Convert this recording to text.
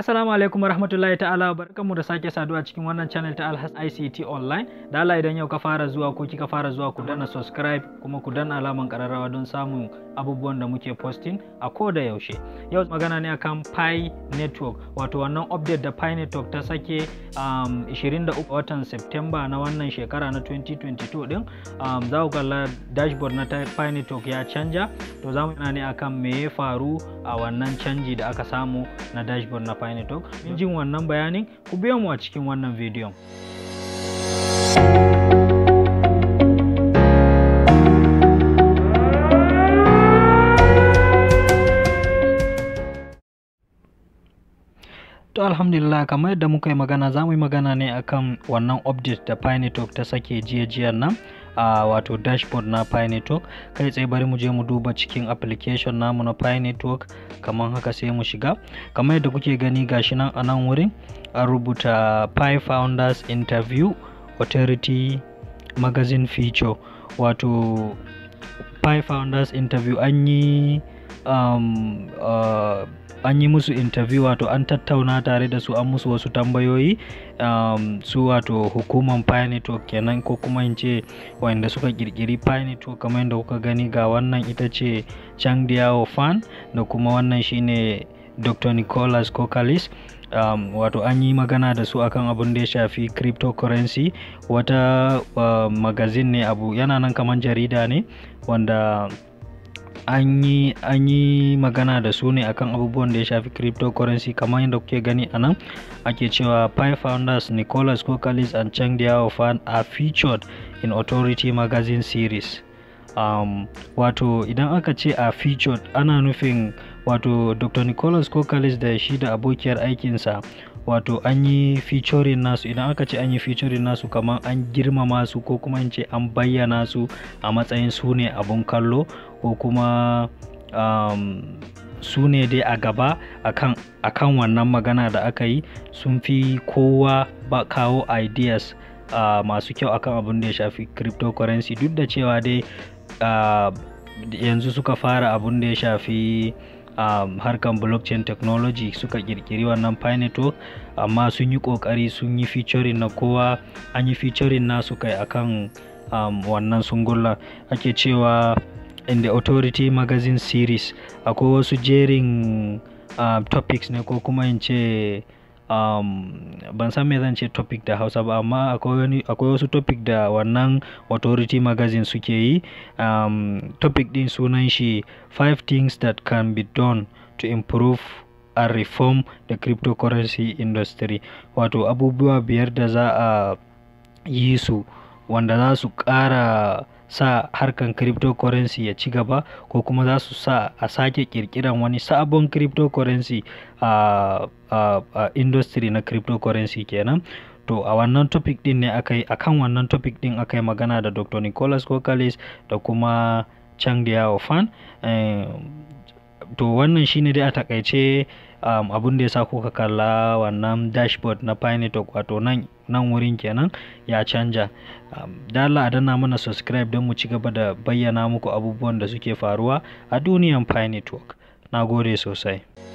Assalamu alaikum warahmatullahi ta'ala barkamu da sake saduwa cikin wannan channel ta Alhas ICT online. Da Allah idan yau ka fara zuwa ko kika fara zuwa ku danna subscribe kuma ku danna alaman kararrawa don samun abubuwan da muke posting a koda yaushe. Yau magana ne akan Pi Network wato wannan update da Pi Network ta sake um, 23 watan September na wannan shekara na 2022 din. Um, za ku kalla dashboard na Pi Network ya canja to zamu mu ne akan me ya faru a wannan canji da aka samu na dashboard na Pi Alfai Network. jin wannan bayanin ku biyo mu a cikin wannan bidiyon. To alhamdulillah kamar yadda muka yi magana za mu yi magana ne akan wannan update da Pi Talk ta sake jiya jiyan nan. a wato dashboard na pi network kai tsaye bari mu je mu duba cikin application namu na pi network kamar haka sai mu shiga kamar yadda kuke gani gashi nan a nan wurin an rubuta pi founders interview authority magazine feature wato pi founders interview an yi um, uh, an yi musu interview wato an tattauna tare da su an musu wasu tambayoyi um, su wato hukuman pi network kenan ko kuma in ce wanda suka kirkiri pi network kamar yadda kuka gani ga wannan ita ce chang diao fan da kuma wannan shine dr nicholas kokalis um, wato an yi magana da su akan abin da ya shafi cryptocurrency wata uh, magazin ne abu yana nan kamar jarida ne wanda an yi magana da su ne akan abubuwan da ya shafi cryptocurrency kamar yadda kuke gani a nan ake cewa five founders nicholas kokalis and cheng Fan are featured in authority magazine series um, wato idan aka ce a featured ana nufin wato dr nicholas kokalis da shi da abokiyar aikinsa wato an yi featuring nasu idan aka ce an yi featuring nasu kamar an girmama su ko kuma in ce an bayyana su a matsayin su ne abun kallo ko kuma um, su ne dai a gaba a kan wannan magana da aka yi sun fi kowa ba kawo ideas uh, masu kyau akan abin da ya shafi cryptocurrency duk da cewa dai yanzu suka fara abin da ya shafi um, harkan blockchain technology suka kirkiri wannan pineto amma sun yi kokari sun yi featuring na kowa an yi featuring nasu kai akan um, wannan sungulla ake cewa in the authority magazine series akwai wasu jerin um, topics ne ko kuma in ce um, ban san me zan ce topic da hausa ba amma akwai wasu topic da wannan authority magazine suke yi um, topic din sunan shi five things that can be done to improve and reform the cryptocurrency industry wato abubuwa biyar da za a yi su wanda za su ƙara sa harkan cryptocurrency ya ci gaba ko kuma za su sa a sake kirkiran wani sabon cryptocurrency a uh, uh, industry na cryptocurrency kenan to a wannan topic din ne aka yi akan wannan topic din aka yi magana da dr nicholas kokalis da kuma chang diao fan eh, to wannan shine dai a takaice um, abin da ya sa kuka kalla wannan dashboard na pi network wato nan wurin kenan ya canja um, dala a mana subscribe don mu ci gaba da bayyana muku abubuwan da suke faruwa a duniyan pi network na gode sosai